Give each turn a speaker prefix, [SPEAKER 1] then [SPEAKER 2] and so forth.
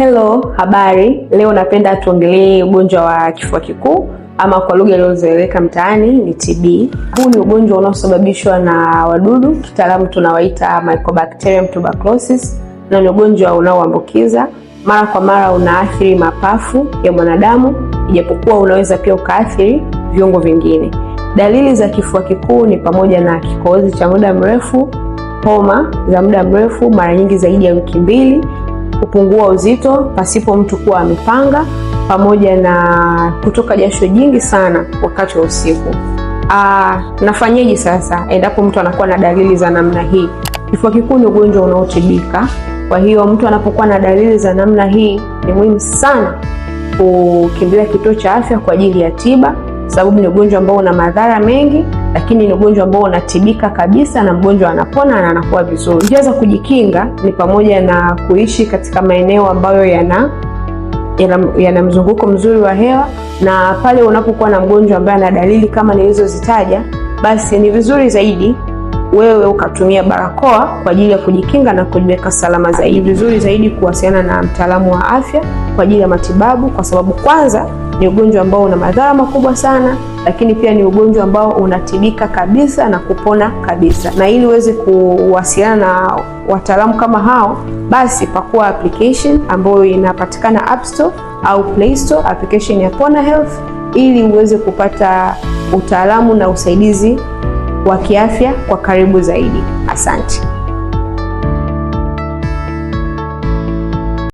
[SPEAKER 1] Hello, habari. Leo napenda tuongelee ugonjwa wa kifua kikuu ama kwa lugha iliyozoeleka mtaani ni TB. Huu ni ugonjwa unaosababishwa na wadudu, kitaalamu tunawaita Mycobacterium tuberculosis, na ni ugonjwa unaoambukiza. Mara kwa mara unaathiri mapafu ya mwanadamu, ijapokuwa unaweza pia ukaathiri viungo vingine. Dalili za kifua kikuu ni pamoja na kikohozi cha muda mrefu, homa za muda mrefu, mara nyingi zaidi ya wiki mbili kupungua uzito pasipo mtu kuwa amepanga, pamoja na kutoka jasho jingi sana wakati wa usiku. Aa, ah, nafanyeje sasa endapo mtu anakuwa na dalili za namna hii? Kifua kikuu ni ugonjwa unaotibika. Kwa hiyo mtu anapokuwa na dalili za namna hii, ni muhimu sana kukimbilia kituo cha afya kwa ajili ya tiba, sababu ni ugonjwa ambao una madhara mengi lakini ni ugonjwa ambao unatibika kabisa na mgonjwa anapona na anakuwa vizuri. Njia za kujikinga ni pamoja na kuishi katika maeneo ambayo yana yana mzunguko mzuri wa hewa, na pale unapokuwa na mgonjwa ambaye ana dalili kama nilizozitaja, basi ni vizuri zaidi wewe ukatumia barakoa kwa ajili ya kujikinga na kujiweka salama zaidi. Vizuri zaidi kuwasiliana na mtaalamu wa afya kwa ajili ya matibabu, kwa sababu kwanza ni ugonjwa ambao una madhara makubwa sana lakini pia ni ugonjwa ambao unatibika kabisa na kupona kabisa. Na ili uweze kuwasiliana na wataalamu kama hao, basi pakua application ambayo inapatikana App Store au Play Store, application ya Pona Health ili uweze kupata utaalamu na usaidizi wa kiafya kwa karibu zaidi. Asante.